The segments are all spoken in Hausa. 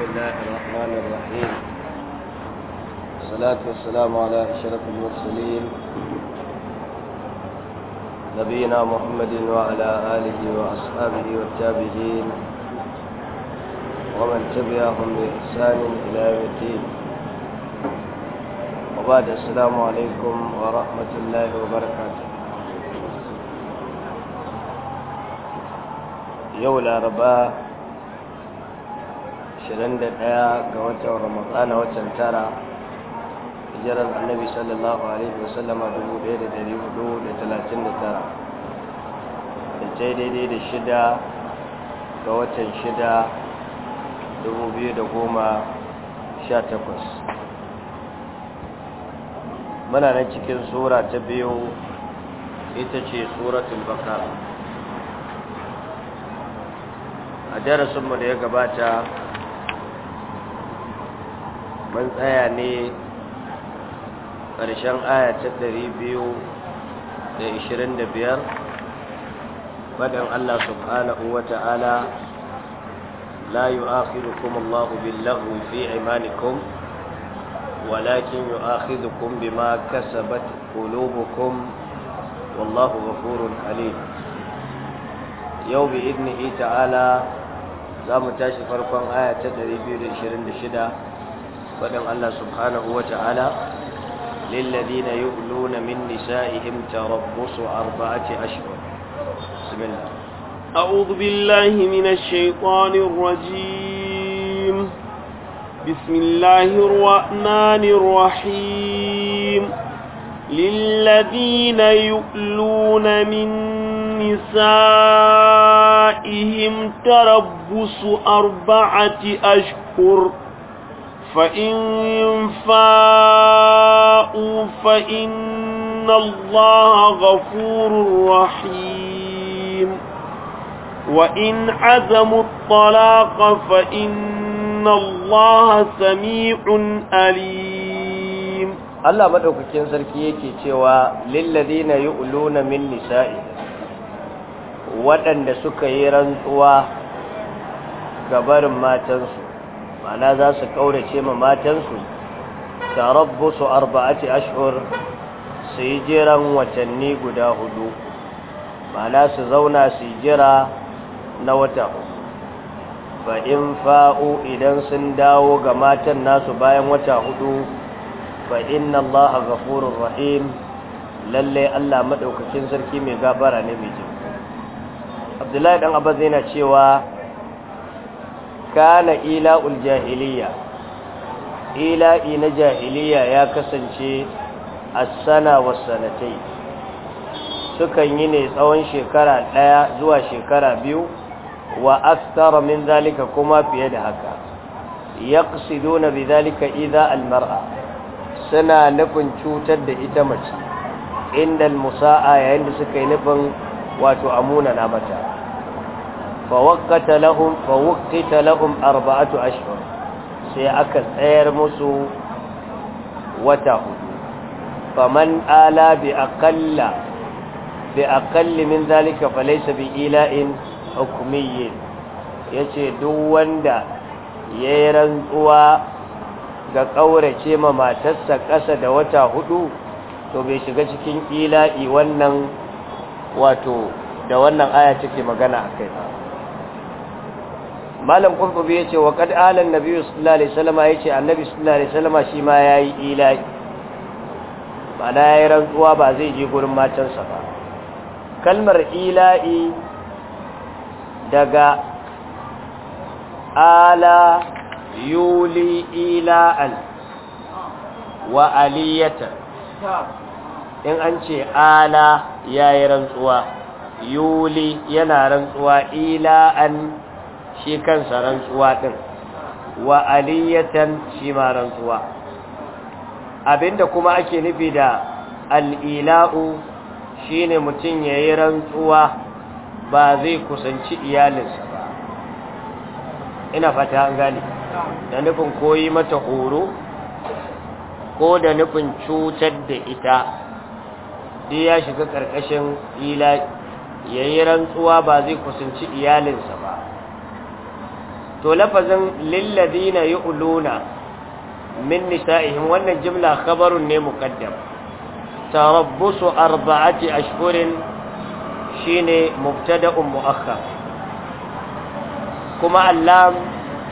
بسم الله الرحمن الرحيم والصلاة والسلام على أشرف المرسلين نبينا محمد وعلى آله وأصحابه والتابعين ومن تبعهم بإحسان إلى يوم الدين وبعد السلام عليكم ورحمة الله وبركاته يوم الأربعاء 21 ga watan ramadana watan tara hijirar annabi sallallahu alaihi wasallama 1439 da da yi daidai da shida ga watan shida 2018 muna nan cikin sura ta biyu ita ce suratul bakara a darasinmu da ya gabata من تأياني ƙarshen aya ta ɗari biyu da ishirin da biyar faɗin Allah subhanahu wa ta'ala la yi akhirukum Allahu billahu fi imanikum walakin yi ma bima kasabat qulubukum wallahu ghafurun halim yau bi idnihi ta'ala za mu tashi farkon aya ta biyu da ishirin da shida فدن الله سبحانه وتعالى للذين يؤلون من نسائهم تربص أربعة أشهر بسم الله أعوذ بالله من الشيطان الرجيم بسم الله الرحمن الرحيم للذين يؤلون من نسائهم تربص أربعة أشهر فإن ينفاءوا فإن الله غفور رحيم وإن عزموا الطلاق فإن الله سميع أليم الله بدأ كتين سركيكي تيوى للذين يؤلون من نسائهم waɗanda suka yi rantsuwa ga barin matansu ma'ana za su kaurace ma matansu su arba'ati ashur su yi jiran watanni guda hudu ma'ana su zauna su yi jira na wata Ba in fa'u idan sun dawo ga matan nasu bayan wata hudu Ba inna allaha ghafurur rahim lalle Allah maɗaukacin sarki mai gabara ne mai Abdullahi ɗan Abbas yana cewa kana ila'ul jahiliya ila'i na jahiliya ya kasance asana wasanatai sukan yi ne tsawon shekara ɗaya zuwa shekara biyu wa aktara min zalika kuma fiye da haka yaqsiduna bidhalika idha almar'a suna nufin cutar da ita mace inda almusa'a yayin da suka yi nufin wato amuna na mata Ba wukka ta lahum arba'atu ashirin, sai aka tsayar musu wata hudu, ba man 'dala bai aƙalli min zan kalli salishin ila'un hukumiyin, ya ce duk wanda ya rantsuwa ga ƙaure ma matarsa ƙasa da wata huɗu, to bai shiga cikin ila'i wannan, wato da wannan aya take magana a kai. malam qurtubi yace wa qad ala annabi sallallahu alaihi wasallam yace annabi sallallahu alaihi wasallam shi ma yayi ilahi ya yi rantsuwa ba zai je gurin matansa ba kalmar ila'i daga ala yuli ila'an wa aliyata in an ce ala yayi rantsuwa yuli yana rantsuwa ila'an shi kansa rantsuwa ɗin, wa aliyatan shi ma rantsuwa abinda kuma ake nufi da al'ila'u shine mutum ya yi rantsuwa ba zai kusanci iyalinsa ba ina fata an gane da nufin koyi mata horo ko da nufin cutar da ita sai ya shiga ƙarƙashin ila ya yi rantsuwa ba zai kusanci iyalinsa ba to lafazin lilladina yu'luna min nisa'ihim wannan jimla khabarun ne muqaddam tarabbusu arba'ati ashhurin shine mubtada'un mu'akhkhar kuma allam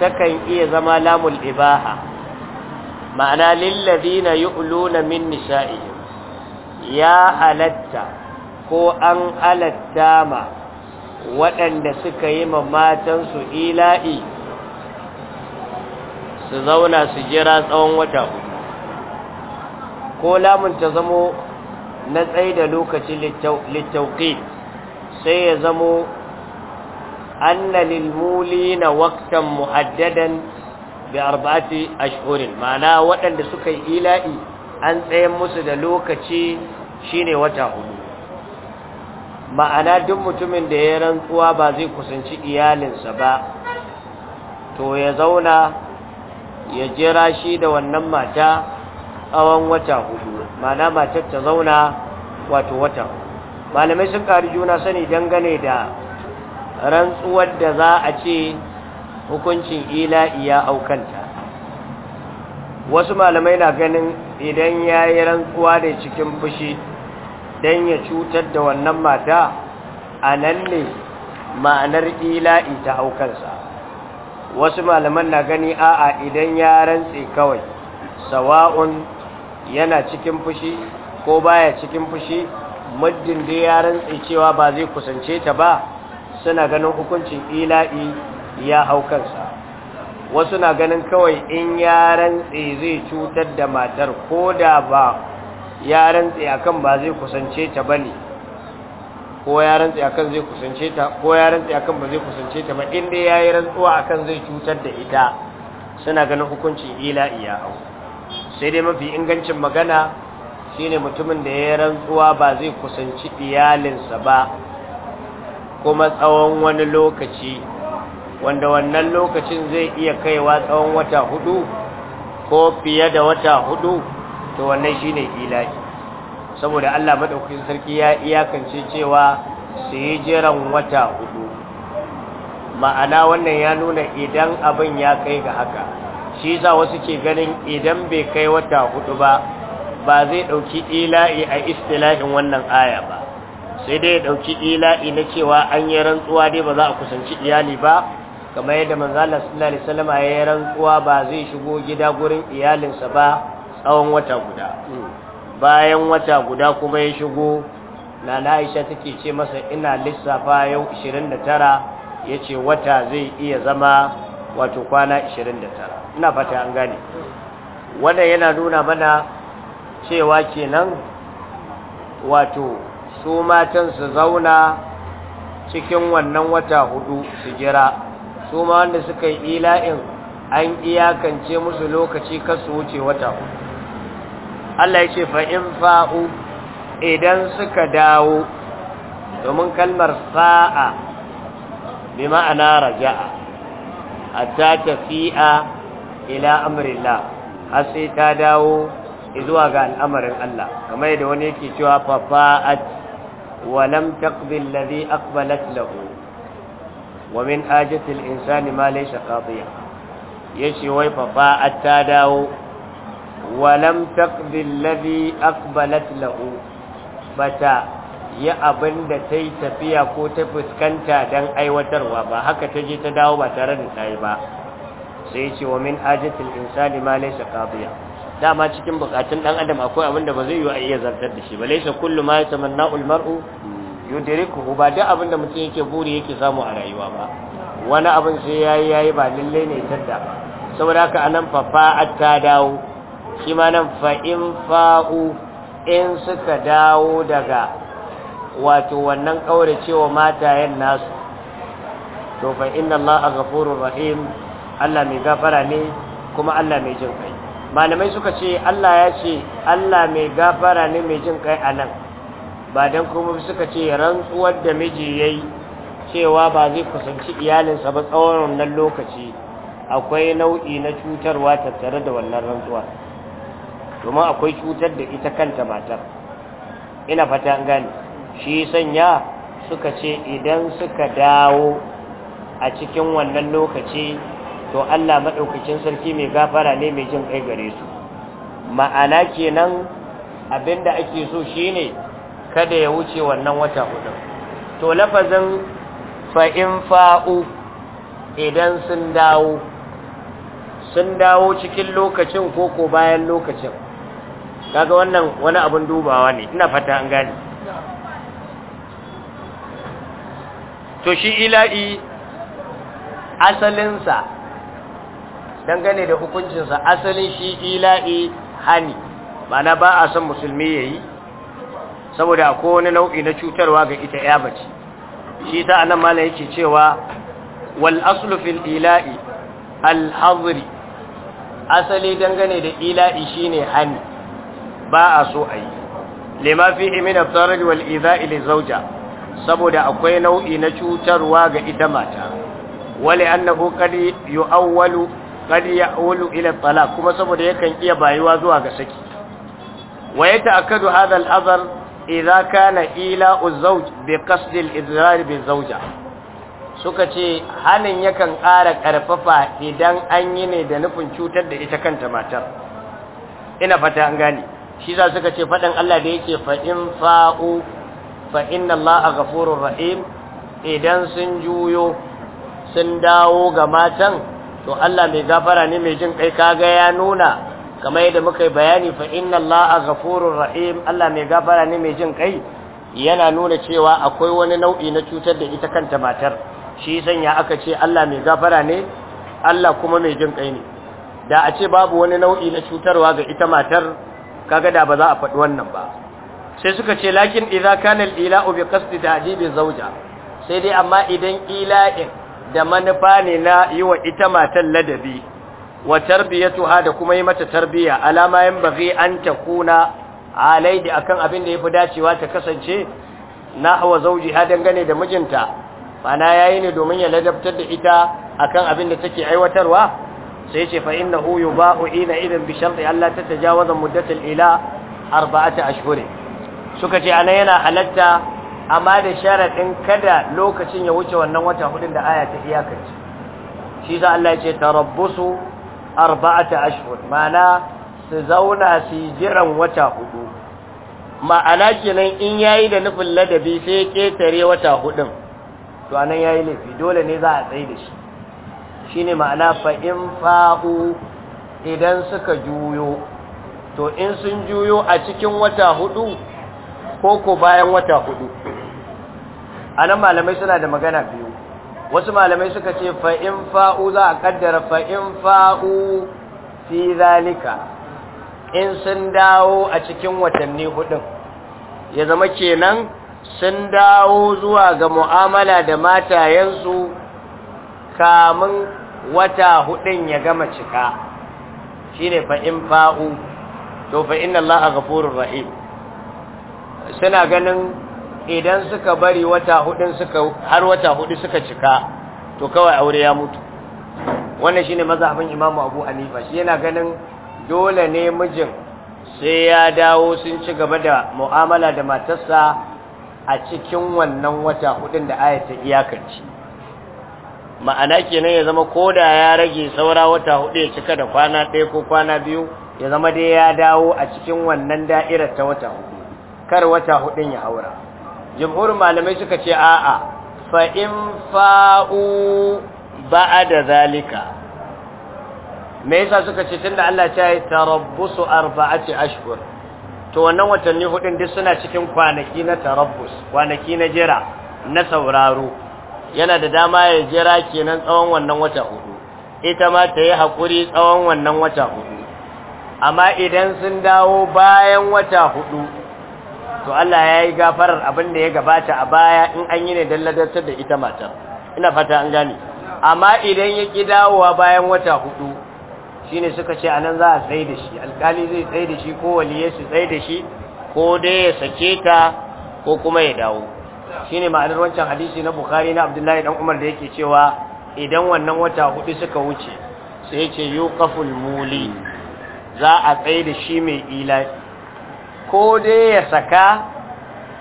takan iya zama lamul ibaha ma'ana lilladina yu'luna min nisa'ihim ya halatta ko an alatta ma waɗanda suka yi ma matansu ila'i su zauna su jira tsawon wata ko lamun ta zamo na tsaye da lokaci littauki sai ya zamo annalin lilmuli na waktan mu'addadan bi arba'ati ashurin ma'ana waɗanda suka yi ila'i an tsaye musu da lokaci shine wata hudu ma'ana duk mutumin da ya rantsuwa ba zai kusanci iyalinsa ba to ya zauna ya jira shi da wannan mata tsawon wata hudu mana matar ta zauna wato wata malamai sun ƙari juna sani dangane da rantsuwar da za a ce hukuncin ila'i ya aukanta wasu malamai na ganin idan ya yi rantsuwa da cikin fushi don ya cutar da wannan mata a nan ne ma'anar ila'i ta aukansa wasu malaman na gani a'a idan ya rantse kawai sawa'un yana cikin fushi ko baya cikin fushi muddin da ya rantse cewa ba zai kusance ta ba suna ganin hukuncin ila'i ya hau kansa wasu na ganin kawai in ya rantse zai cutar da matar ko da ba ya rantse akan ba zai kusance ta bane ko ya rantsi akan zai kusance ta ko ya rantsi akan ba zai kusance ta ba in dai yayi rantsuwa akan zai cutar da ita suna ganin hukuncin ila'i ya hau sai dai mafi ingancin magana shine mutumin da ya rantsuwa ba zai kusanci iyalinsa ba kuma tsawon wani lokaci wanda wannan lokacin zai iya kaiwa tsawon wata hudu ko fiye da wata hudu to wannan shine ilahi saboda Allah madaukakin sarki ya iyakance cewa su yi jiran wata hudu ma'ana wannan ya nuna idan abin ya kai ga haka shi za wasu ke ganin idan bai kai wata hudu ba ba zai dauki ila'i a istilahin wannan aya ba sai dai ya dauki ila'i na cewa an yi rantsuwa dai ba za a kusanci iyali ba kamar yadda manzo Allah sallallahu alaihi wasallam ya yi rantsuwa ba zai shigo gida gurin iyalinsa ba tsawon wata guda bayan wata guda kuma ya shigo na na'isha take ce masa ina lissafa yau 29 ya ce wata zai iya zama wato kwana 29 ina fata an gane wannan yana nuna mana cewa kenan wato su matan su zauna cikin wannan wata hudu su jira su ma wanda suka yi ila'in an iyakance musu lokaci kasu wuce wata hudu Allah ya ce fa'in fa'u idan suka dawo domin kalmar sa'a bi ma'ana raja'a a ta tafi'a ila amurila har sai ta dawo zuwa ga al'amarin Allah kamar yadda wani yake cewa fafa'at walam taqbil aqbalat lahu wa min insani ma laysa Ya ce wai fafa'at ta dawo walam taqdi alladhi aqbalat lahu bata ya abinda ta yi tafiya ko ta fuskanta don aiwatarwa ba haka ta je ta dawo ba tare da ta ba sai ce wa min ajatul insani ma laysa qadiya dama cikin bukatun dan adam akwai abin da ba zai yi a iya zartar da shi ba laysa kullu ma yatamanna al mar'u ba da abin da mutum yake buri yake samu a rayuwa ba wani abin sai yayi yayi ba lalle ne tadda saboda haka anan fafa ta dawo shi ma nan fa'in fa'u in suka dawo daga wato wannan ƙaure cewa matayen nasu to fa inna Allah a gafurur rahim Allah mai gafara ne kuma Allah mai jin kai malamai suka ce Allah ya ce Allah mai gafara ne mai jin kai a nan ba don kuma suka ce rantsuwar da miji ya yi cewa ba zai kusanci iyalinsa ba tsawon wannan lokaci akwai nau'i na cutarwa tattare da wannan rantsuwa domin akwai cutar da ita kanta matar ina fata an gane shi sanya suka ce idan suka dawo a cikin wannan lokaci to Allah maɗaukacin sarki mai gafara ne mai jin kai gare su ma'ana kenan abinda ake so shine kada ya wuce wannan wata hudu to lafazin fa'in fa'u idan sun dawo sun dawo cikin lokacin ko ko bayan lokacin kaga wannan wani abin dubawa ne ina fata an gane to shi ila'i asalinsa dangane da hukuncinsa asalin shi ila'i hani mana ba a son musulmi ya yi saboda akwai wani nau'i na cutarwa ga ita ya bace shi ta anan mana yake cewa wal aslu fil ila'i al asali dangane da ila'i shine hani ba a so a yi lima fihi min tsarar daraj wal idha'i saboda akwai nau'i na cutarwa ga ita mata wali annahu qad yu'awwalu ya ya'ulu ila tsala kuma saboda yakan iya bayuwa zuwa ga saki wa yata'akkadu hadha hadal azar, idza kana ila az-zawj bi qasd al-idrar bi suka ce hanin yakan ƙara ƙarfafa idan an yi ne da nufin cutar da ita kanta matar ina fata an gani. shi za suka ce faɗin Allah da yake fa'in fa'u fa'in la'a a gafurun ra'im, idan sun juyo sun dawo ga matan to Allah mai gafara ne mai jin kai kaga ya nuna kamar yadda muka yi bayani fa'in la'a a gafurun ra'im, Allah mai gafara ne mai jin ƙai, yana nuna cewa akwai wani nau'i na cutar da ita kanta matar shi sanya aka ce Allah mai gafara ne Allah kuma mai jin ƙai ne da a ce babu wani nau'i na cutarwa ga ita matar kaga da ba za a faɗi wannan ba sai suka ce lakin idza kana al-ila'u bi qasdi ta'dibi zawja sai dai amma idan ila'in da manufa ne na yi wa ita matan ladabi wa tarbiyatuha da kuma yi mata tarbiya alama yan baghi an takuna alaidi akan abin da yafi dacewa ta kasance nahwa zawjiha dangane da mijinta bana yayi ne domin ya ladabtar da ita akan abin da take aiwatarwa sai ce fa innahu yuba'u ina idan bi sharti Allah ta tajawaza muddatul ila arba'ati ashhur suka ce ana yana halatta amma da sharadin kada lokacin ya wuce wannan wata hudun da aya ta iyakance. shi za Allah ya ce tarabbusu arba'ata ashhur ma'ana su zauna su jiran wata hudu ma'ana kenan in yayi da nufin ladabi sai ya ketare wata hudun to anan yayi laifi dole ne za a tsaye da shi Shi ne ma'ana fa’in fa'u idan suka juyo to in sun juyo a cikin wata hudu ko ko bayan wata hudu a nan malamai suna da magana biyu wasu malamai suka ce fa’in fa'u za a kaddara fa’in in fa'u fi zalika in sun dawo a cikin watanni hudun ya zama kenan sun dawo zuwa ga mu'amala da matayensu kamun wata hudun ya gama cika shi ne fa’in fa'u to fa’in inna allaha ghafurur rahim suna ganin idan suka bari wata hudun suka har wata hudu suka cika to kawai aure ya mutu wannan shi ne mazafin imamu abu hanifa shi yana ganin dole ne mijin sai ya dawo sun ci gaba da mu'amala da matarsa a cikin wannan wata hudun da ayata iyakanci ma'ana kenan ya zama koda ya rage saura wata hudu ya cika da kwana ɗaya ko kwana biyu ya zama dai ya dawo a cikin wannan da'irar ta wata hudu kar wata hudu ya haura jumhurin malamai suka ce a'a fa in fa'u ba'da zalika me yasa suka ce tunda Allah ya ce tarabbusu arba'ati ashhur to wannan watanni hudun duk suna cikin kwanaki na tarabbus kwanaki na jira na sauraro yana da dama ya jira kenan tsawon wannan wata hudu ita ma ta yi haƙuri tsawon wannan wata hudu amma idan sun dawo bayan wata hudu to Allah ya yi gafarar abin da ya gabata a baya in an yi ne don ladartar da ita matar ina fata an gane amma idan ya ƙi dawowa bayan wata hudu shi ne suka ce anan za a tsaye da shi alƙali zai tsaye da shi ko waliye su tsaye da shi ko dai ya sake ta ko kuma ya dawo shine ma'anar wancan hadisi na bukhari na abdullahi dan umar da yake cewa idan wannan wata hudu suka wuce sai yace yuqaful muli za a tsaye da shi mai ila ko dai ya saka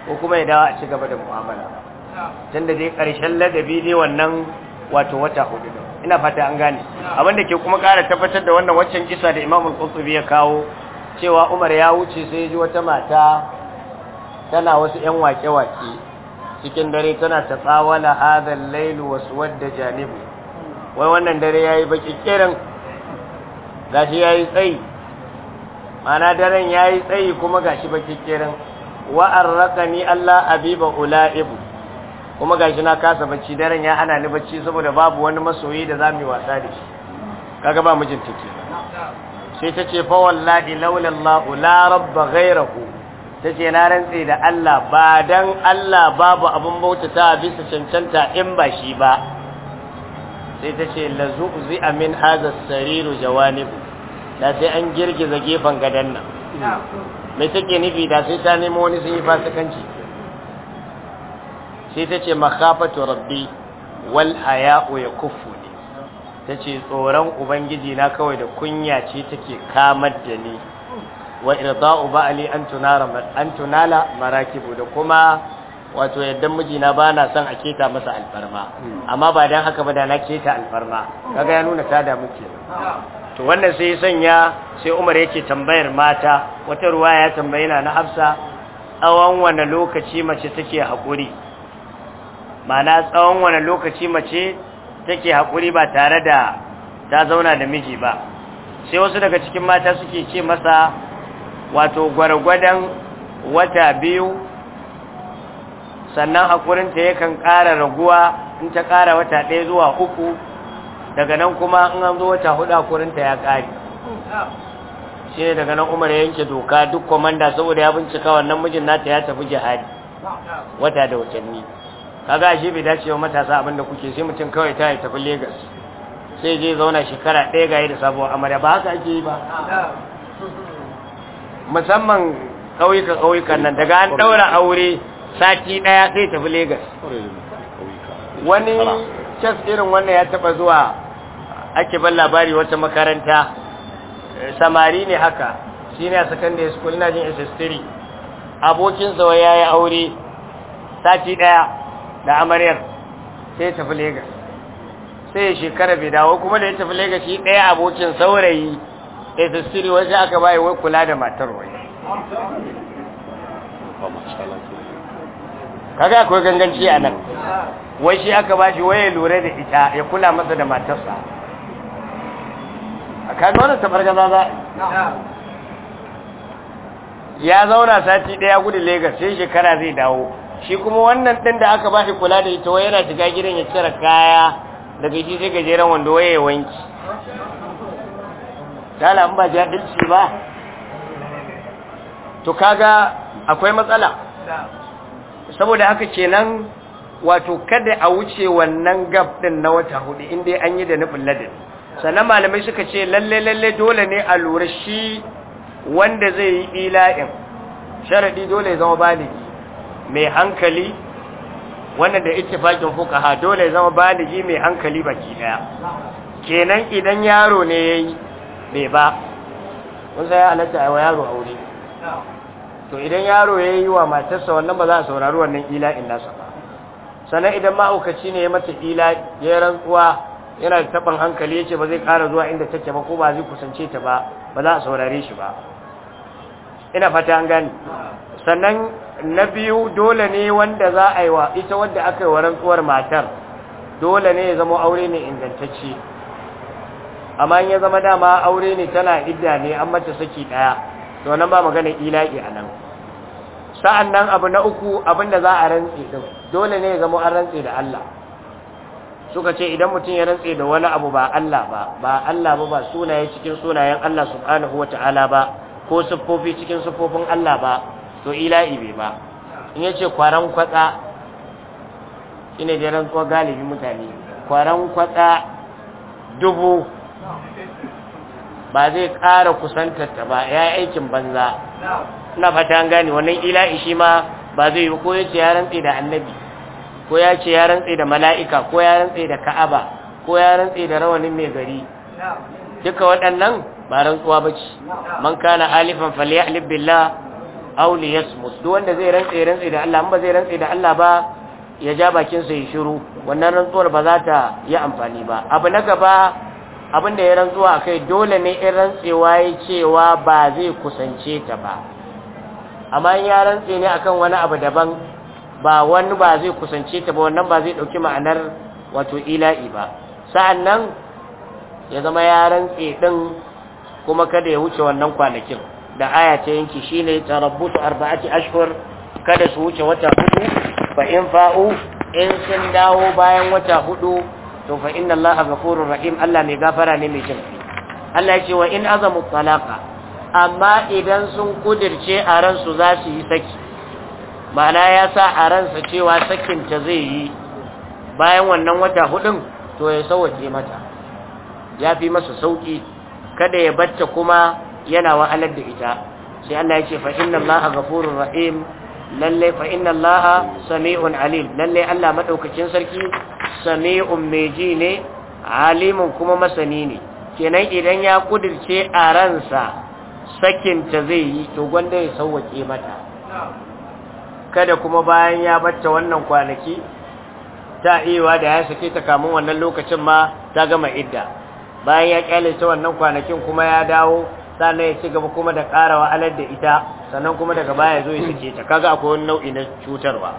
ko kuma ya dawo a ci gaba da mu'amala tunda dai karshen ladabi ne wannan wato wata hudu ina fata an gane abinda ke kuma ƙara tabbatar da wannan waccan kisa da Imam Al-Qurtubi ya kawo cewa Umar ya wuce sai ya ji wata mata tana wasu ƴan wake-wake cikin dare tana ta tsawala Lailu wasu wadda janibu wai wannan dare ya yayi baki kiran gashi yi tsayi mana daren ya yi tsayi kuma gashi baki kiran wa ni Allah abiba ulaibu kuma gashi na kasa bacci daren ya ana ni bacci saboda babu wani masoyi da za mu yi wasa da shi kaga ba mijin take sai ta ce fa wallahi laula Allah la rabba ghayrahu ta ce na rantse da Allah ba dan Allah babu abin bautata bisa cancanta in ba shi ba sai ta ce la zu'zi min sariru jawanib da sai an girgiza gefen gadon nan me take nufi da sai ta nemo wani sun yi fasikanci sai ta ce makhafatu rabbi wal haya'u ne. ta ce tsoron ubangiji na kawai da kunya ce take kamar da ni wa irda'u ba'ali an tunara an tunala marakibu da kuma wato yaddan mijina ba na son a keta masa alfarma hmm. amma ba dan haka ba da na keta alfarma kaga ya nuna ta muke. to wannan sai sanya sai Umar yake tambayar mata wata ruwaya ya tambaye na na Hafsa tsawon wani lokaci mace take haƙuri mana tsawon wani lokaci mace take hakuri ba tare da ta zauna da miji ba sai wasu daga cikin mata suke ce masa wato gwargwadon wata biyu sannan hakurinta yakan ƙara raguwa in ta ƙara wata ɗaya zuwa uku daga nan kuma in an zo wata hudu hakurinta ya ƙari shi ne daga nan umar yanke doka duk kwamanda saboda ya bincika wannan mijin nata ya tafi jihadi wata da watanni kaga shi bai dace wa matasa abinda kuke sai mutum kawai ta yi tafi Legas sai zai zauna shekara ɗaya ga yi da sabuwar amarya ba haka ake yi ba musamman kauyuka kauyuka nan daga an ɗaura aure sati ɗaya sai tafi Legas. Wani cas irin wannan ya taɓa zuwa ake ban labari wata makaranta eh, samari ne haka shi ne a secondary school na jin SS3 abokinsa wai ya yi aure sati ɗaya da amaryar sai tafi Legas. sai shekara bai dawo kuma da ya tafi Legas shi ɗaya abokin saurayi eh tafsiri wai sai aka bai wai kula da matar wai kaga akwai ganganci a nan wai shi aka bashi wai ya lura da ita ya kula masa da matarsa a kaga tabar gaza za ya zauna sati daya gudu Lagos sai shekara zai dawo shi kuma wannan din da aka bashi kula da ita wai yana shiga gidan ya cire kaya daga shi sai gajeren wanda waye wanki dala ba jahilci ba to kaga akwai matsala saboda haka kenan wato kada a wuce wannan gab din na wata hudu inda an yi da nufin ladin sannan malamai suka ce lalle lalle dole ne a lura shi wanda zai yi ila'in sharadi dole ya zama baligi mai hankali wannan da ittifaqin fuqaha dole ya zama baligi mai hankali baki daya kenan idan yaro ne yayi bai ba kun sai ya halatta a yaro aure to idan yaro ya yi wa matarsa wannan ba za a saurari wannan in nasa ba sannan idan ma'aukaci ne ya mata ila ya rantsuwa yana da taɓin hankali ya ce ba zai ƙara zuwa inda take ba ko ba zai kusance ta ba ba za a saurare shi ba ina fata an gani sannan na biyu dole ne wanda za a yi wa ita wanda aka yi wa rantsuwar matar dole ne ya zama aure ne ingantacce amma in ya zama dama aure ne tana idda ne an mata saki daya to nan ba magana ila'i anan sa'an nan abu na uku abinda za a rantsi din dole ne ya zama an rantsi da Allah suka ce idan mutum ya rantsi da wani abu ba Allah ba ba Allah ba ba sunaye cikin sunayen Allah subhanahu wata'ala ba ko siffofi cikin siffofin Allah ba to ila'i bai ba in yace kwaran kwatsa shine da ran ko galibi mutane kwaran kwatsa dubu ba zai ƙara kusantarta ba ya aikin banza na fatan gane wannan ila'i shi ma ba zai yi ko ya ce ya rantse da annabi ko ya ce ya rantse da mala'ika ko ya rantse da ka'aba ko ya rantse da rawanin mai gari duka waɗannan ba rantsuwa ba ce man kana alifan falyahlib billah aw liyasmus duk wanda zai rantse rantse da Allah ba zai rantse da Allah ba ya ja bakin sa ya shiru wannan rantsuwar ba za ta yi amfani ba abu na gaba abin da ya rantsuwa a kai dole ne in rantsewa ya cewa ba zai kusance ta ba amma ya rantse ne akan wani abu daban ba wani ba zai kusance ta ba wannan ba zai ɗauki ma'anar wato ila'i ba sa'an nan ya zama ya rantse ɗin kuma kada ya wuce wannan kwanakin da aya ta yanki shi ne tarabbutu arba'ati ashhur kada su wuce wata hudu fa in fa'u in sun dawo bayan wata hudu to fa inna allaha ghafurur rahim Allah mai gafara ne mai jin Allah ya ce wa in azamu talaqa amma idan sun kudirce a ransu za su yi saki ma'ana ya sa a ransa cewa sakin ta zai yi bayan wannan wata hudun to ya sauke mata ya fi masa sauki kada ya batta kuma yana wa'alar da ita sai Allah ya ce fa inna allaha ghafurur rahim lalle fa inna allaha sami'un alim lalle Allah madaukakin sarki sami'un meji ji ne alimun kuma masani ne kenan idan ya kudirce a ransa sakinta zai yi to gwanda ya sauwake mata kada kuma bayan ya batta wannan kwanaki ta iwa da ya sake ta kamun wannan lokacin ma ta gama idda bayan ya kyale wannan kwanakin kuma ya dawo sannan ya ci gaba kuma da karawa alar da ita sannan kuma daga baya zo ya sake ta kaga akwai wani nau'i na cutarwa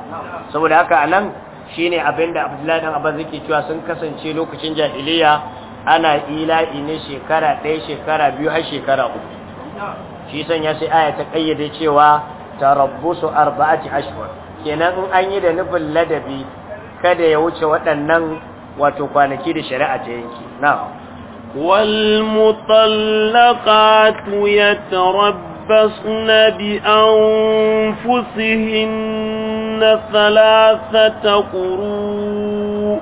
saboda haka a nan. Shi ne abin da Abdullahi Ɗan abin zuke cewa sun kasance lokacin jahiliya ana ila'i ne shekara ɗaya shekara biyu har shekara uku shi san sai aya ta kayyade cewa tarabbusu arba'ati ashhur kenan in an yi da nufin ladabi kada ya wuce waɗannan wato kwanaki da shari'a ta yanki na'am والمطلقات يتربصن يتربصن بأنفسهن ثلاثة قروء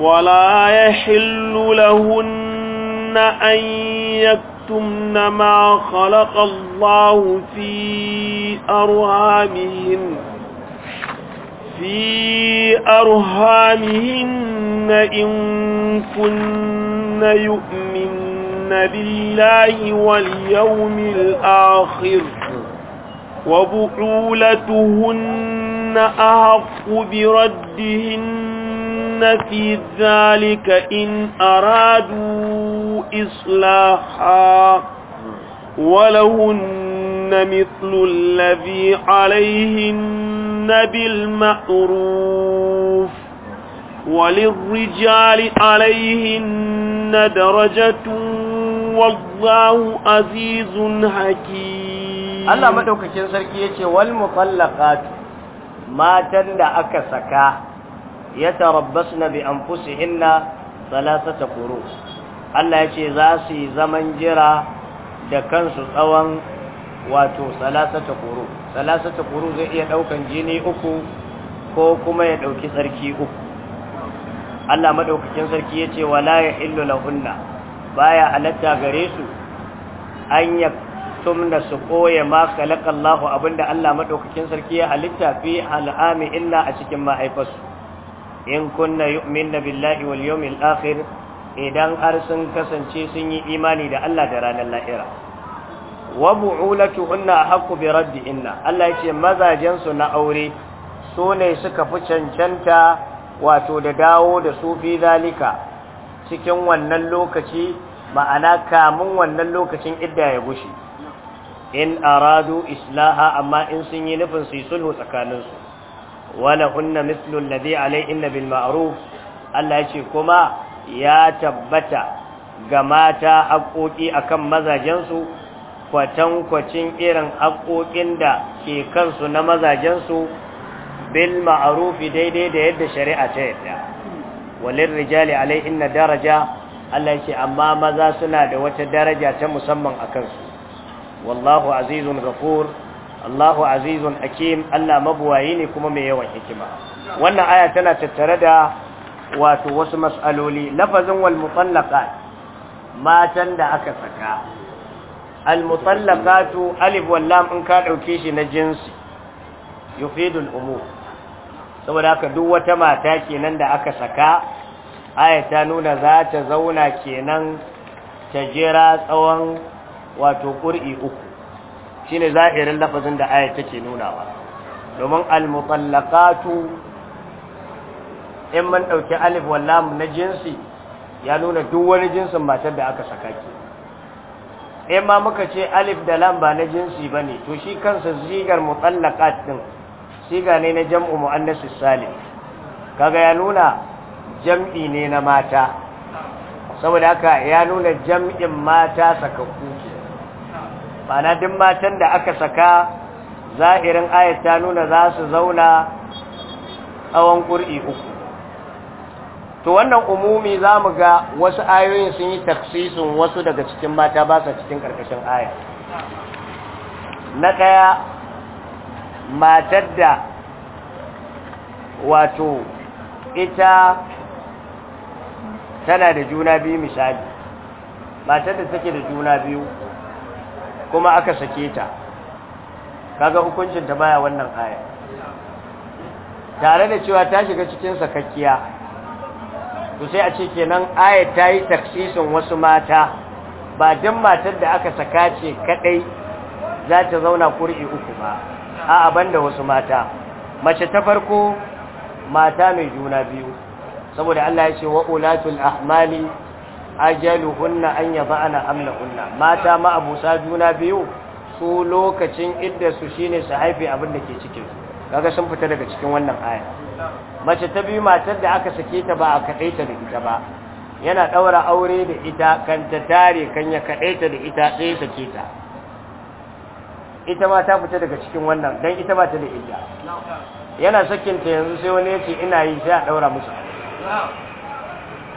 ولا يحل لهن أن يكتمن ما خلق الله في أرهامهن في أرهامهن إن كن يؤمن بالله واليوم الآخر وبعولتهن أحق بردهن في ذلك إن أرادوا إصلاحا ولهن مثل الذي عليهن بالمعروف وللرجال عليهن درجة wallahu azizun hakim Allah madaukakin sarki yace wal mutallaqat matan da aka saka yatarabbasna bi anfusihinna thalathata quru Allah yace za su yi zaman jira da kansu tsawon wato thalathata quru thalathata quru zai iya daukan jini uku ko kuma ya dauki sarki uku Allah madaukakin sarki yace wala yahillu lahunna baya halatta gare su an ya tumna su koya ma khalaqa Allah abinda Allah madaukakin sarki ya halitta fi al'ami illa a cikin mahaifarsu in kunna yu'minna billahi wal yawmil akhir idan har sun kasance sun yi imani da Allah da ranar lahira wa bu'ulatuhunna haqqu bi raddihinna Allah yace mazajen su na aure su ne suka fi cancanta wato da dawo da su fi zalika cikin wannan lokaci ma'ana kamun wannan lokacin idda ya gushi in aradu islaha amma in sun yi nufin su yi sulhu tsakaninsu wala hunna mislu alladhi alayhinna bil ma'ruf Allah yace kuma ya tabbata ga mata haƙoƙi akan mazajensu kwatankwacin irin haƙoƙin da ke kansu na mazajensu bil ma'ruf daidai da yadda shari'a ta yadda walin rijali alai inna daraja Allah ce amma maza suna da wata daraja ta musamman a kansu wallahu azizun ghafur Allahu azizun hakim Allah mabuwayi ne kuma mai yawan hikima wannan aya tana tattare da wato wasu mas'aloli lafazin wal mutallaqat matan da aka saka al mutallaqatu alif wal lam in ka dauke shi na jinsi yufidul umur saboda haka duk wata mata kenan da aka saka aya ta nuna za ta zauna kenan ta jira tsawon wato ƙur'i uku shine zahirin lafazin da aya take nunawa domin al-mutallaqatu in man dauki alif wallam na jinsi ya nuna duk wani jinsin matar da aka saka ki in ma muka ce alif da lam ba na jinsi bane to shi kansa zigar mutallaqat din siga ne na jam'u mu'annasu salim kaga ya nuna jam'i ne na mata saboda haka ya nuna jam'in mata sakakku bana duk matan da aka saka zahirin ayat ta nuna za su zauna tsawon ƙur'i uku to wannan umumi za mu ga wasu ayoyin sun yi taksisin wasu daga cikin mata ba sa cikin ƙarƙashin aya na ɗaya matar da wato ita tana da juna biyu misali matar da take da juna biyu kuma aka sake ta kaga hukuncin ta baya wannan aya tare da cewa ta shiga cikin sakakkiya to sai a ce kenan aya ta yi taksisin wasu mata ba dan matar da aka saka ce kadai za ta zauna kuri'i uku ba a da wasu mata mace ta farko mata mai juna biyu saboda Allah ya ce wa ulatul ahmali ajaluhunna an yaba'ana amlahunna mata ma abusa juna biyu su lokacin idda su shine su haife abin da ke cikin kaga sun fita daga cikin wannan aya mace ta biyu matar da aka sake ta ba a kaɗai da ita ba yana ɗaura aure da ita kan ta tare kan ya kaɗai da ita sai sake ta ita ma ta fita daga cikin wannan don ita ba ta da iya. yana sakinta yanzu sai wani ya ce ina yi sai a ɗaura musu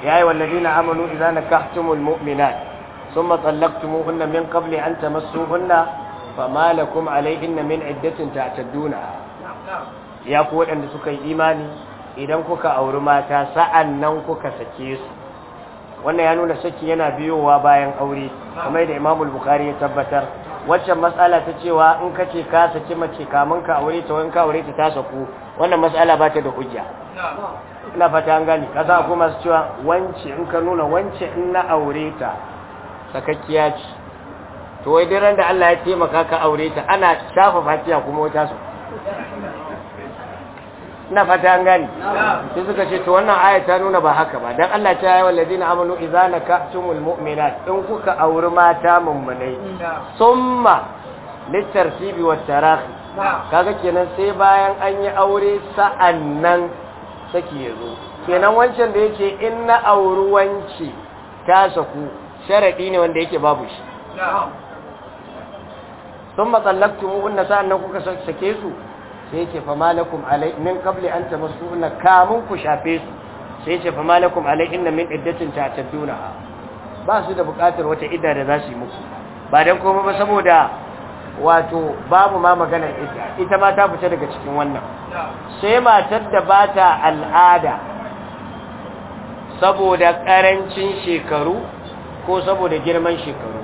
ya yi wallazi na amanu na nakahtumul mu'minat thumma talaqtumuhunna min qabli an tamassuhunna fama lakum na min iddatin ta'tadduna ya ku waɗanda suka yi imani idan kuka auri mata sa'an nan kuka sake su wannan ya nuna saki yana biyowa bayan aure kamar da Imam Bukhari ya tabbatar waccan matsala ta cewa in ka ce ka saki mace kamun ka aure ta wanka aure ta ta saku wannan matsala ba ta da hujja ina fata an gani ka za masu cewa wance in ka nuna wance in na aure ta sakakkiya ce to wai da Allah ya taimaka ka aure ta ana shafa fatiya kuma wata su na fata an gani sai suka ce to wannan aya ta nuna ba haka ba dan Allah ta yi wa ladina amanu idza nakatumul mu'minat in kuka auri mata mummunai summa litartibi wat tarahi kaga kenan sai bayan an yi aure sa'annan saki yazo kenan wancan da yake in na auri wanci ta saku sharadi ne wanda yake babu shi summa sa'an nan kuka sake su sai ce fa malakum alai min qabli an tamassuhunna kamun ku shafe su sai ce fa malakum alai inna min iddatin ta'tadduna ba su da bukatar wata idda da za su yi muku ba dan komai ba saboda wato babu ma magana idda ita ma ta fita daga cikin wannan sai matar da bata al'ada saboda karancin shekaru ko saboda girman shekaru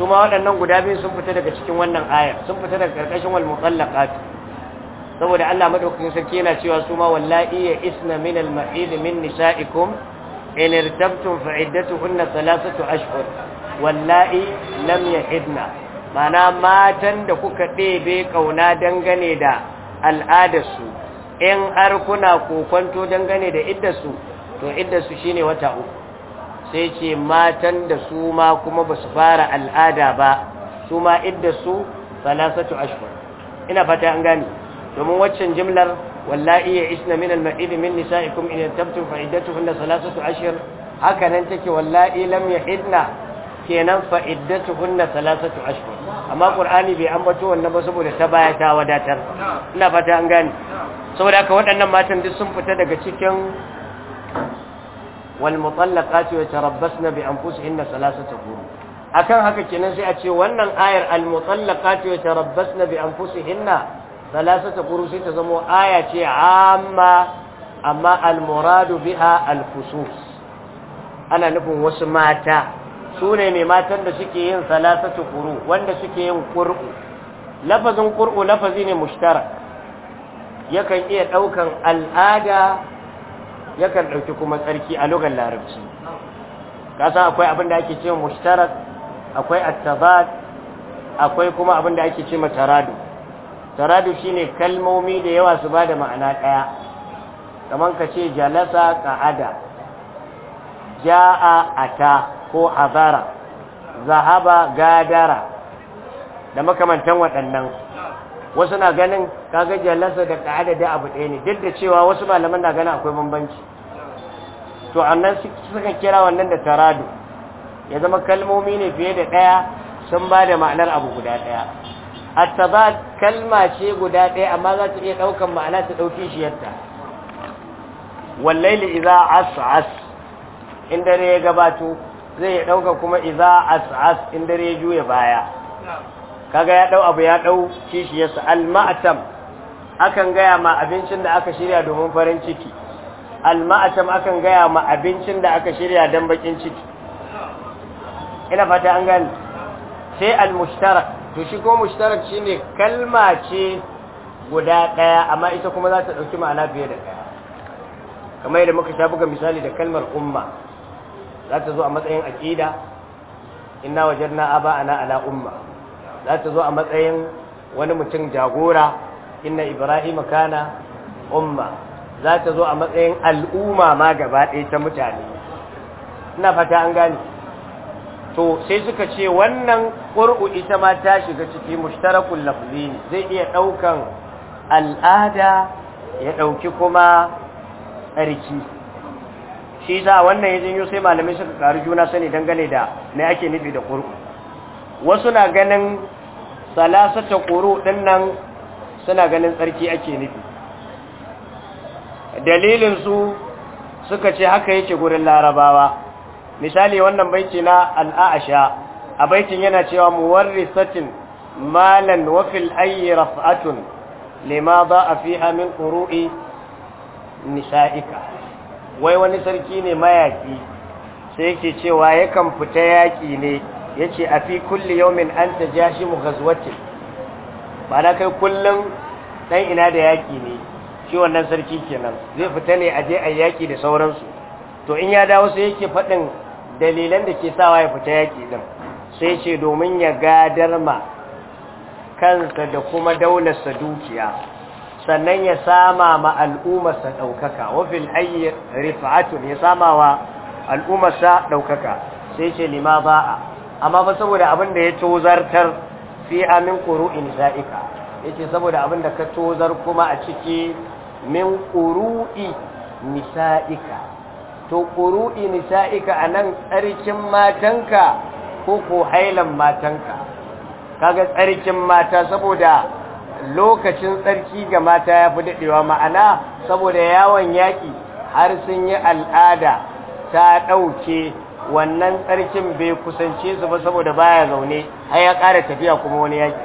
su ma waɗannan guda biyu sun fita daga cikin wannan aya sun fita daga ƙarƙashin wal mutallaqat saboda Allah madaukakin sarki yana cewa su ma wallahi ya isna min al-mahid min nisa'ikum in irtabtum fa iddatuhunna thalathatu ashhur wallahi lam yahidna mana matan da kuka ɗebe kauna dangane da su, in har kuna kokonto dangane da iddarsu to iddarsu shine wata uku sai ce matan da su ma kuma ba su fara al'ada ba su ma iddarsu thalathatu ashhur ina fata an gani domin waccan jimlar wallahi ya isna min al-ma'id min nisa'ikum in tabtum fa iddatuhunna salasatu ashhur haka nan take wallahi lam yahidna kenan fa iddatuhunna salasatu ashhur amma qur'ani bai ambato wannan ba saboda ta baya ta wadatar ina fata an gane saboda haka waɗannan matan duk sun fita daga cikin wal mutallaqati yatarabbasna bi anfusihinna salasatu quru akan haka kenan sai a ce wannan ayar al mutallaqati yatarabbasna bi anfusihinna salasata furu sai ta zamo aya ce amma amma almuradu biha alfusus ana nufin wasu mata sune mai matan da suke yin salasatu furu wanda suke yin qur'u lafazin qur'u lafazi ne mushtarak yakan iya ɗaukan al'ada yakan ɗauki kuma tsarki a lugar larabci kasan akwai abin da ake ce mushtarak akwai at akwai kuma abinda ake ce taradu. taradu shine kalmomi da yawa su bada ma'ana ɗaya kamar ka ce jalasa qa'ada ja'a ata ko azara zahaba gadara da makamantan waɗannan wasu na ganin kaga jalasa da qa'ada da abu ɗaya ne duk da cewa wasu malaman na ganin akwai bambanci to annan suka kira wannan da taradu ya zama kalmomi ne fiye da ɗaya sun ba da ma'anar abu guda ɗaya attabat kalma ce guda ɗaya amma za ta iya ɗaukan ma'ana ta ɗauki shi yadda wallaili as as'as in dare ya gabato zai ya ɗauka kuma iza as'as in dare ya juya baya kaga ya ɗau abu ya ɗau kishiyarsa al-ma'tam akan gaya ma abincin da aka shirya domin farin ciki al-ma'tam akan gaya ma abincin da aka shirya don bakin ciki ina fata an gani sai al-mushtarak to shi ko mushtarak shine kalma ce guda daya amma ita kuma za ta dauki ma'ana fiye da daya kamar yadda muka shafi buga misali da kalmar umma za ta zo a matsayin aqida inna wajadna ana ala umma za ta zo a matsayin wani mutum jagora inna ibrahim kana umma za ta zo a matsayin al'umma ma gaba ɗaya ta mutane ina fata an gane to sai suka ce wannan ƙur'u ita ma ta shiga ciki mushtarakul lafzi ne zai iya ɗaukan al'ada ya ɗauki kuma tsarki shi za wannan ya janyo sai malamai suka ƙari juna sani dangane da me ake nufi da ƙur'u wasu na ganin salasata ƙuru ɗin nan suna ganin tsarki ake nufi dalilinsu suka ce haka yake gurin larabawa misali wannan baiti na al'asha a baitin yana cewa muwarrisatin malan wa fil ayyi raf'atun lima ba'a fiha min qurui nisa'ika wai wani sarki ne mayaki sai yake cewa yakan fita yaki ne yace a fi kulli yawmin anta jashimu ghazwati ba na kai kullum dan ina da yaki ne shi wannan sarki kenan zai fita ne a je da sauransu to in ya dawo sai yake faɗin dalilan da ke sawa ya fita yaƙi din sai ce domin ya gadar ma kansa da kuma daularsa dukiya sannan ya sama ma al'ummarsa ɗaukaka wafin ayyar rifa'atun ya sama wa al'ummarsa ɗaukaka sai ce lima ba'a amma ba saboda abin da ya tozartar fi amin ƙuru'in za'ika ya ce saboda abin da ka tozar kuma a ciki min ƙuru'i nisa'ika to ƙuru'i nisa'ika a nan tsarkin matanka ko ko hailan matanka kaga tsarkin mata saboda lokacin tsarki ga mata ya fi daɗewa ma'ana saboda yawon yaƙi har sun yi al'ada ta ɗauke wannan tsarkin bai kusance su ba saboda baya zaune har ya ƙara tafiya kuma wani yaƙi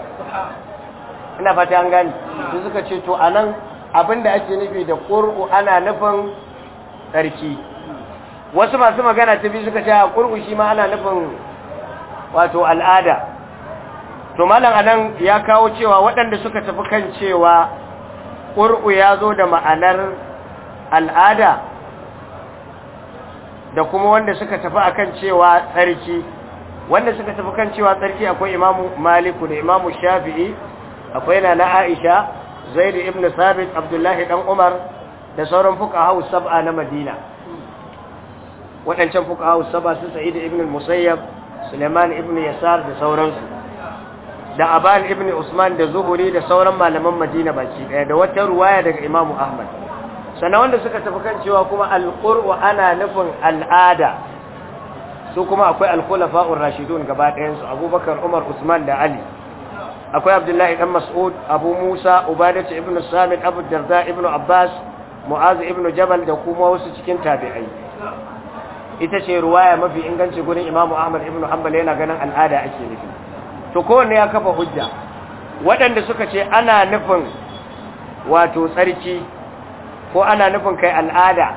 ina fata an gani su suka ce to a nan abinda ake nufi da ƙur'u ana nufin tsarki wasu masu magana ta biyu suka ce a ƙurƙushi ma ana nufin wato al'ada to malam anan ya kawo cewa waɗanda suka tafi kan cewa ƙur'u ya zo da ma'anar al'ada da kuma wanda suka tafi akan cewa tsarki wanda suka tafi kan cewa tsarki akwai imamu maliku da imamu shafi'i akwai na na aisha Zairu, ibn sabit abdullahi dan umar da sauran fuka hau sab'a na madina waɗancan fuqaha saba su sa'id ibn musayyab suleiman ibn yasar da sauransu da aban ibn usman da zuhuri da sauran malaman madina baki daya da wata ruwaya daga imam ahmad sannan wanda suka tafi kan cewa kuma al ana nufin al'ada su kuma akwai al-khulafa'ur rashidun gaba ɗayansu abubakar umar usman da ali akwai abdullahi dan mas'ud abu musa ubadatu ibn samit abu darda ibn abbas mu'az ibn jabal da kuma wasu cikin tabi'ai ita ce ruwaya mafi inganci gurin imamu ahmad ibn hanbal yana ganin al'ada ake nufi to kowanne ya kafa hujja waɗanda suka ce ana nufin wato tsarki ko ana nufin kai al'ada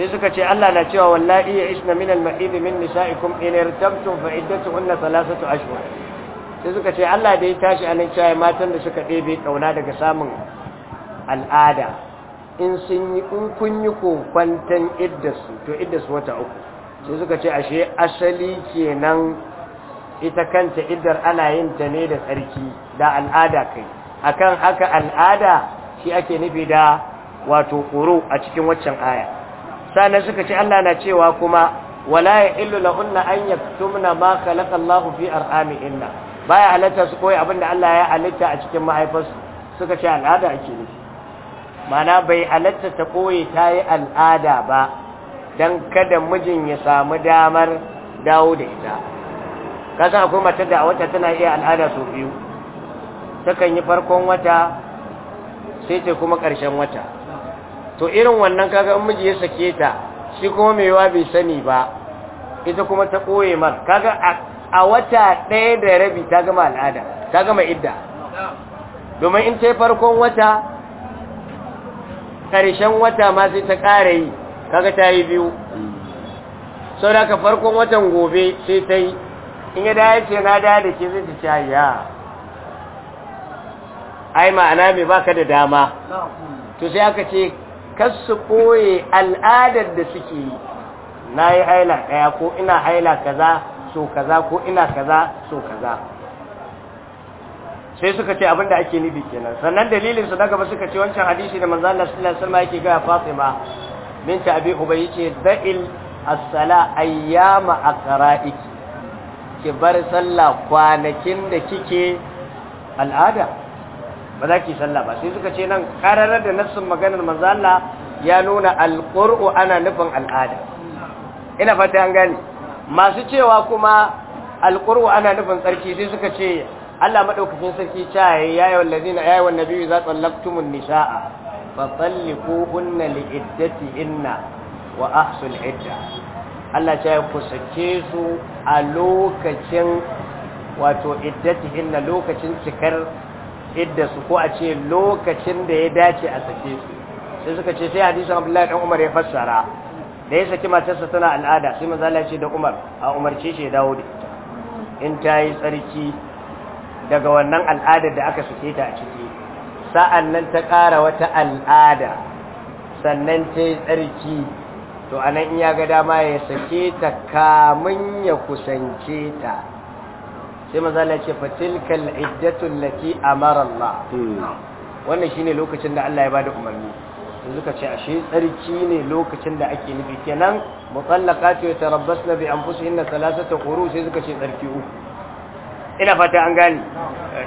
sai suka ce Allah na cewa wallahi ya isna min al-ma'id min nisa'ikum in irtabtum fa iddatuhunna thalathatu ashhur sai suka ce Allah da ya tashi anan cewa matan da suka ɗebe kauna daga samun al'ada in sun yi in kun yi kokwantan iddasu to iddasu wata uku sai suka ce ashe asali kenan ita kanta iddar ana yin ta ne da tsarki da al'ada kai akan haka al'ada shi ake nufi da wato ƙoro a cikin waccan aya sannan suka ce Allah na cewa kuma wala ya illu lahunna an yaktumna ma khalaqa Allahu fi inna baya halatta su koyi abinda Allah ya halitta a cikin mahaifarsu suka ce al'ada ake nufi mana bai halatta ta koye ta yi al'ada ba don kada mijin ya samu damar dawo da ita kasan akwai mata da a wata tana iya al'ada sau biyu takan yi farkon wata sai ta kuma ƙarshen wata to irin wannan kaga in miji ya sake ta shi kuma yawa bai sani ba ita kuma ta koye mar kaga a wata ɗaya da rabi ta gama al'ada ta gama idda domin in ta yi farkon wata Karshen wata ma sai ta ƙara yi kaga ta yi biyu sau da ka farkon watan gobe sai ta yi in ya da na da da ke zai ta ce ya ai ma'ana mai baka da dama to sai aka ce kasu koye al'adar da suke yi na yi haila ɗaya ko ina haila kaza so kaza ko ina kaza so kaza sai suka ce abinda ake nufi kenan sannan dalilin su na gaba suka ce wancan hadisi da manzo Allah sallallahu alaihi wasallam yake ga Fatima binti Abi Ubay yace da'il as-sala ayyama aqra'iki ki bar sallah kwanakin da kike al'ada ba za ki sallah ba sai suka ce nan kararar da nassin maganar manzo Allah ya nuna al-qur'u ana nufin al'ada ina fata an gane masu cewa kuma al-qur'u ana nufin tsarki sai suka ce Allah madaukakin sarki cha ya ayyuhal ladina ya ayyuhan nabiyyu idza tallaqtumun nisaa fatalliquhunna inna wa ahsul idda Allah cha ya kusake su a lokacin wato inna lokacin cikar idda su ko a ce lokacin da ya dace a sake su sai suka ce sai hadisin Abdullahi dan Umar ya fassara da ya saki matarsa tana al'ada sai manzo Allah ya ce da Umar a Umarci shi ya dawo da ita in ta yi tsarki daga wannan al'adar da aka suke ta a ciki sa'an nan ta ƙara wata al'ada sannan ta yi tsarki to a nan iya ga dama ya sake ta kamun ya kusance ta sai mazala ce fatilkal iddatun lati a Allah hmm. wannan shi ne lokacin da Allah ya ba da umarni yanzu suka ce ashe tsarki ne lokacin da ake nufi kenan rabbas na bi an salasa ta quru sai suka ce tsarki uku ina fata an gani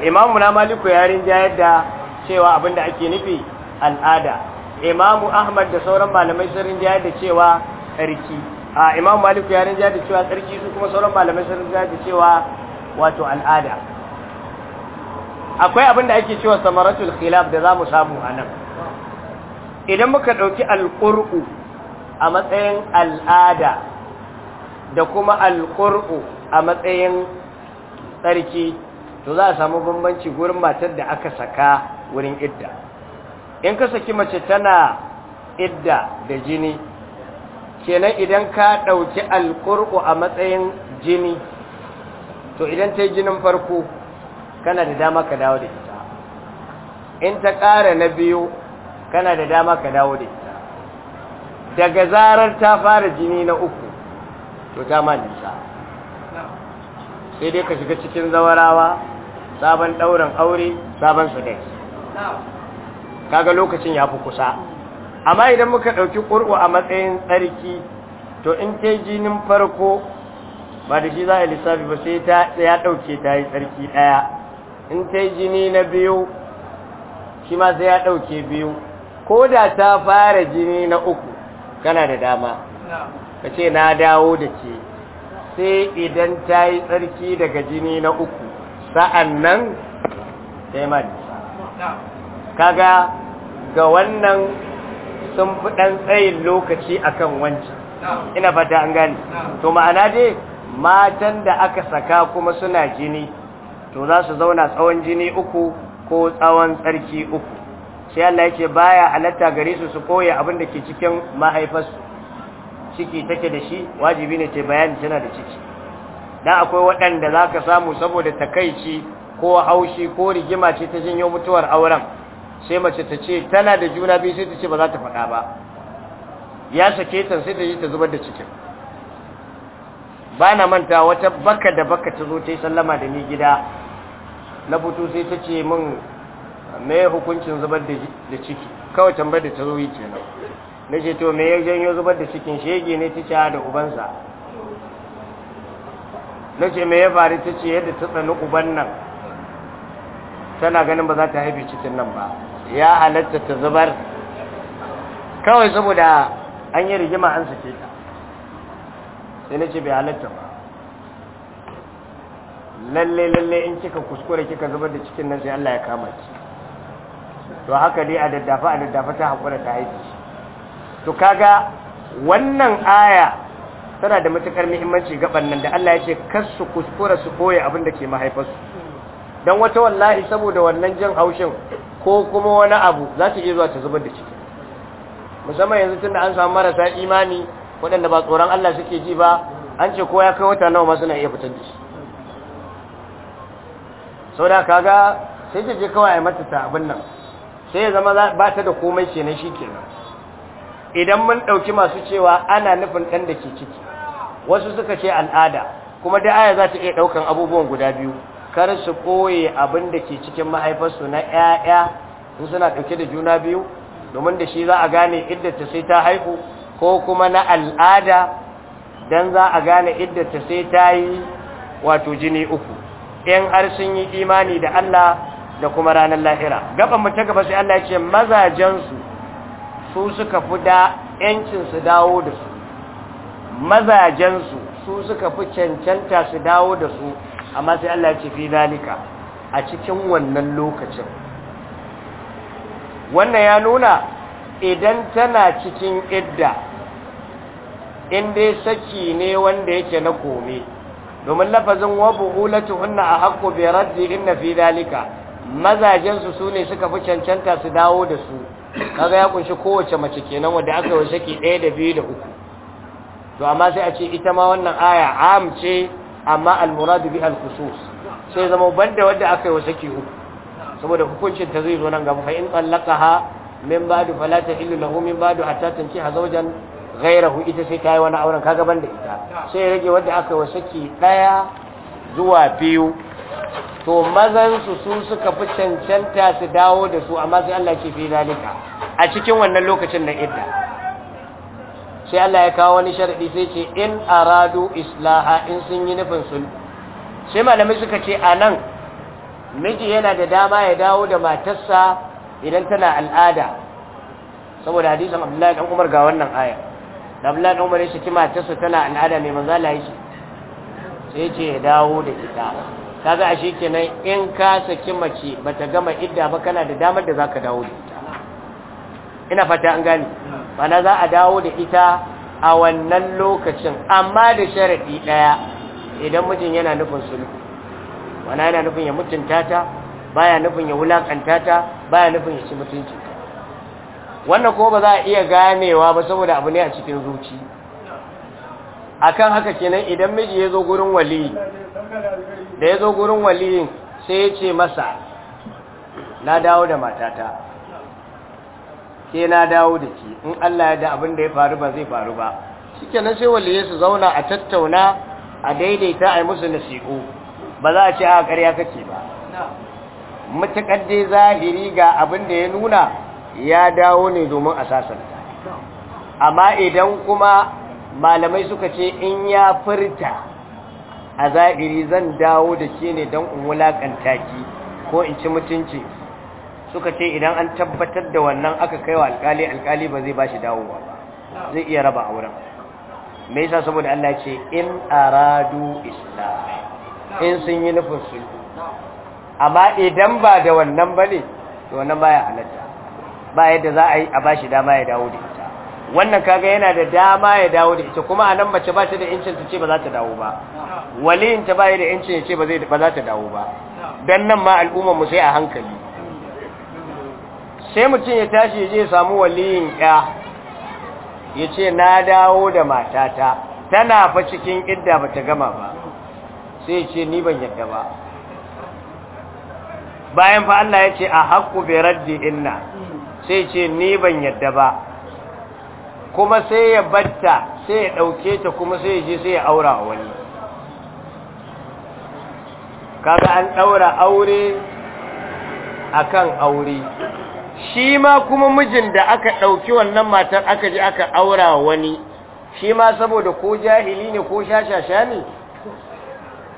imamu na maliku ya rinja da cewa abinda ake nufi al'ada imamu ahmad da sauran malamai sun rinja da cewa tsarki a imamu maliku ya rinja da cewa tsarki su kuma sauran malamai sun rinja da cewa wato al'ada akwai abinda ake cewa samaratul khilaf da za mu samu a nan idan muka ɗauki alƙur'u a matsayin al'ada da kuma alƙur'u a matsayin tsarki to za a samu bambanci gurin matar da aka saka wurin idda in ka saki mace tana idda da jini kenan idan ka ɗauki alƙur'u a matsayin jini to idan ta yi jinin farko kana da dama ka dawo da ita in ta ƙara na biyu kana da dama ka dawo da ita daga zarar ta fara jini na uku to ta ma nisa sai dai ka shiga cikin zawarawa sabon ɗaurin aure sabon su ɗai kaga lokacin ya fi kusa amma idan muka ɗauki ƙur'u a matsayin tsarki to in ta jinin farko ba da shi za a lissafi ba sai ta ya ɗauke ta yi tsarki ɗaya in ta jini na biyu shi ma sai ya ɗauke biyu ko da ta fara jini na uku kana da dama ka ce na dawo da ke sai idan ta yi tsarki daga jini na uku sa'an nan taimari kaga ga wannan sun fi ɗan tsayin lokaci akan wancan ina fata an gani to ma'ana dai matan da aka saka kuma suna jini to za su zauna tsawon jini uku ko tsawon tsarki uku sai Allah yake baya halatta gare su su koya abin da ke cikin mahaifarsu ciki take da shi wajibi ne ta bayani tana da ciki dan akwai waɗanda zaka samu saboda takaici ko haushi ko rigima ce ta janyo mutuwar auren sai mace ta ce tana da juna biyu sai ta ce ba za ta faɗa ba ya sake ta sai ta yi ta zubar da cikin ba na manta wata baka da baka ta zo ta yi sallama da ni gida na fito sai ta ce min me hukuncin zubar da ciki kawai tambayar da ta zo yi kenan na ce to me ya janyo zubar da cikin shege ne ta ce da ubansa na ce me ya faru ta ce yadda ta tsanu uban nan tana ganin ba za ta haifi cikin nan ba ya halatta ta zubar kawai saboda an yi rigima an suke ta sai na ce bai halatta ba lalle lalle in kika kuskure kika zubar da cikin nan sai Allah ya kama ki to haka dai a daddafa a daddafa ta hakura ta haifi to kaga wannan aya tana da matukar muhimmanci gaban nan da Allah ya ce kar su kuskura su koye abin da ke mahaifarsu dan wata wallahi saboda wannan jin haushin ko kuma wani abu za ta iya zuwa ta zubar da ciki musamman yanzu tunda an samu marasa imani waɗanda ba tsoron Allah suke ji ba an ce ko ya kai wata nawa ma suna iya fitar da shi sau da kaga sai ta je kawai a mata ta abin nan sai ya zama ba ta da komai kenan shi kenan idan mun ɗauki masu cewa ana nufin ɗan da ke ciki wasu suka ce al'ada kuma da aya za ta iya ɗaukan abubuwan guda biyu kar su koye abin da ke cikin mahaifarsu na ‘ya'ya in suna ɗauke da juna biyu domin da shi za a gane iddata sai ta haihu ko kuma na al'ada don za a gane iddata sai ta yi wato jini uku ‘yan har sun yi imani da Allah da kuma ranar lahira gaban mu ta gaba sai Allah ya ce mazajensu su suka fi da yancin dawo da su mazajensu su suka fi cancanta su dawo da su amma sai Allah ya ce fi a cikin wannan lokacin wannan ya nuna idan tana cikin idda in dai saki ne wanda yake na kome domin lafazin wabu hunna a haƙo bai raddi inna fi dalika mazajensu su ne suka fi cancanta su dawo da su kaga ya kunshi kowace mace kenan wanda aka yi shaki ɗaya da biyu da uku to amma sai a ce ita ma wannan aya am ce amma al-muradu bi al-khusus sai zama banda wanda aka yi shaki uku saboda hukuncin ta zai zo nan gaba fa in tsallaqaha min ba'du fala tahillu lahu min ba'du hatta tankiha zawjan ghairahu ita sai ta yi wani auren kaga banda ita sai rage wanda aka yi shaki ɗaya zuwa biyu to mazansu su suka fi cancanta su dawo da su amma sai Allah ke fi zalika a cikin wannan lokacin na idda sai Allah ya kawo wani sharadi sai ce in aradu islaha in sun yi nufin sun sai malamai suka ce a nan miji yana da dama ya dawo da matarsa idan tana al'ada saboda hadisan Abdullahi dan Umar ga wannan aya da Abdullahi dan Umar ya shiki matarsa tana al'ada mai manzala yake sai ce ya dawo da ita kaga ashe kenan in ka saki mace bata gama idda ba kana da damar da zaka dawo da ita ina fata an gani bana za a dawo da ita a wannan lokacin amma da sharadi daya idan mijin yana nufin sulhu wana yana nufin ya mutunta ta baya nufin ya wulakanta ta baya nufin ya ci mutunci wannan ko ba za a iya ganewa ba saboda abu ne a cikin zuci akan haka kenan idan miji ya zo gurin wali da ya zo gurin waliyin sai ya ce masa na dawo da matata ke na dawo da ke in Allah ya da abin da ya faru ba zai faru ba shike nan sai waliyin su zauna a tattauna a daidaita a yi musu nasiku ba za a ce a karya kake ba matuƙar dai zahiri ga abin da ya nuna ya dawo ne domin a sasanta amma idan kuma malamai suka ce in ya furta a zahiri zan dawo da ke ne don in wulaƙanta ki ko in ci mutunci suka ce idan an tabbatar da wannan aka kai wa alkali alkali ba zai ba shi dawo ba. zai iya raba auren me yasa saboda Allah ce in aradu islam in sun yi nufin su amma idan ba da wannan bane to wannan baya halatta ba yadda za a yi a bashi dama ya dawo da wannan kaga yana da dama ya dawo da ita kuma anan mace ba ta da incin ta ce ba za ta dawo ba waliyin ta bai da incin ya ce ba zai ba za ta dawo ba dan nan ma al'ummar mu sai a hankali sai mutun ya tashi ya je ya samu waliyin ya ya ce na dawo da matata tana fa cikin idda ba ta gama ba sai ya ce ni ban yadda ba bayan fa Allah ya ce a haƙƙu bi raddi inna sai ya ce ni ban yadda ba kuma sai ya batta sai ya ɗauke ta kuma sai ya je sai ya aura a wani kaga an ɗaura aure akan aure shi ma kuma mijin da aka ɗauki wannan matar aka ji aka aura wani shi ma saboda ko jahili ne ko shashasha ne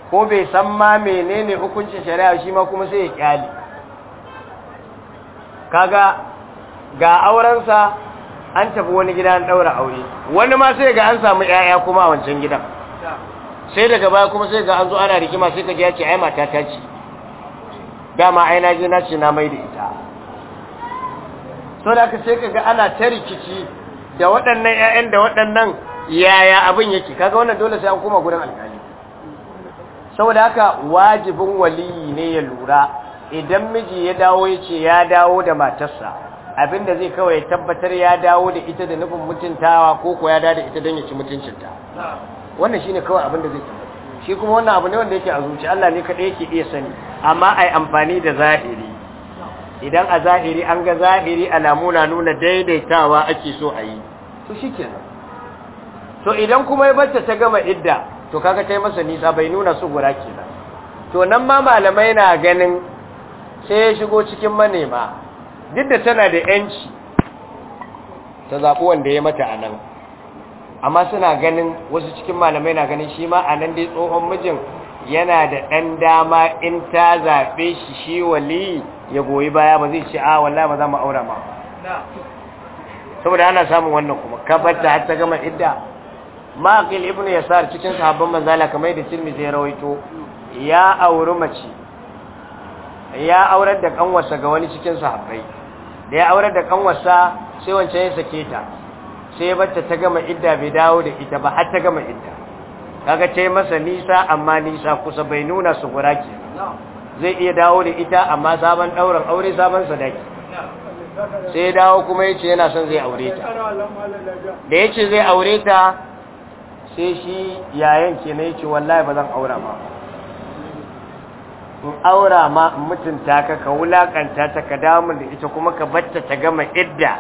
ko bai san ma menene hukuncin shari'a shi ma kuma sai ya kyale kaga ga aurensa an tafi wani gida an daura aure wani ma sai ga an samu yaya kuma a wancan gidan sai daga baya kuma sai ga an zo ana rigima sai ka ji ya ce ai mata ta ce dama ai na je na ce na mai da ita to da ka sai ka ga ana ta rikici da waɗannan ƴaƴan da waɗannan yaya abin yake kaga wannan dole sai an koma gurin alƙali saboda haka wajibin waliyi ne ya lura idan miji ya dawo ya ce ya dawo da matarsa abinda zai kawai tabbatar ya dawo da ita da nufin mutuntawa ko ko ya dawo da ita don ya ci mutuncinta wannan shine kawai abinda zai tabbatar shi kuma wannan abu ne wanda yake a zuci Allah ne kadai yake iya sani amma ai amfani da zahiri idan a zahiri an ga zahiri alamu na nuna daidaitawa ake so a yi to shikenan to idan kuma ya bacce ta gama idda to kaga tai masa nisa bai nuna su gura kenan to nan ma malamai na ganin sai ya shigo cikin manema duk da tana da yanci ta zaɓi wanda ya mata a nan amma suna ganin wasu cikin malamai na ganin shi ma a nan dai tsohon mijin yana da ɗan dama in ta zaɓe shi shi wali ya goyi baya ba zai ce a walla ba za mu aura ma saboda ana samun wannan kuma kabarta har ta gama idda ma'aƙil ibnu yasar cikin sahabban manzala kamar yadda tilmi zai rawaito ya auri mace ya aurar da kanwarsa ga wani cikin sahabbai da ya aurar da kanwarsa sai wancan ya sake ta sai bata ta gama idda bai dawo da ita ba har ta gama idda kaga ce masa nisa amma nisa kusa bai nuna su gura zai iya dawo da ita amma sabon ɗaurin aure sabon sadaki sai ya dawo kuma ya ce yana son zai aure ta da ya ce zai aure ta sai shi yayan ke na ya ce wallahi ba zan aura ba in aura ma mutunta ka ka wulakanta ta ka damu da ita kuma ka batta ta gama idda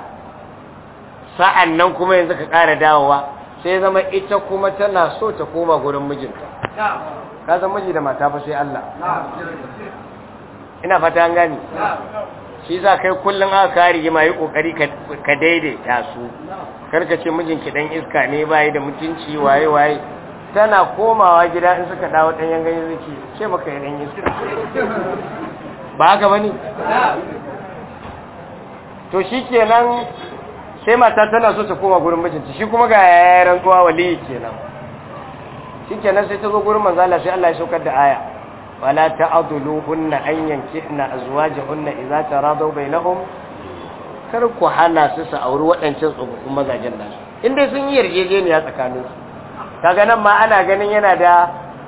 sa'annan kuma yanzu ka ƙara dawowa sai zama ita kuma tana so ta koma gurin mijinta ka san miji da mata fa sai Allah ina fata an gani shi za kai kullum aka kari yi yi kokari ka daidaita su karka ce mijinki dan iska ne bai da mutunci waye waye tana komawa gida in suka dawo ɗanyen ganye zai ce ce maka ɗanyen su ba haka ba ne to shi kenan sai mata tana so ta koma gurin mijinta shi kuma ga yayaran tsuwa waliyi kenan shi kenan sai ta zo gurin manzala sai Allah ya saukar da aya wala hunna an yankihna azwajahunna idza bai bainahum kar ku hana su su auri waɗancan tsofaffin mazajen nasu in dai sun yi yarjejeniya tsakaninsu kaga nan ma ana ganin yana da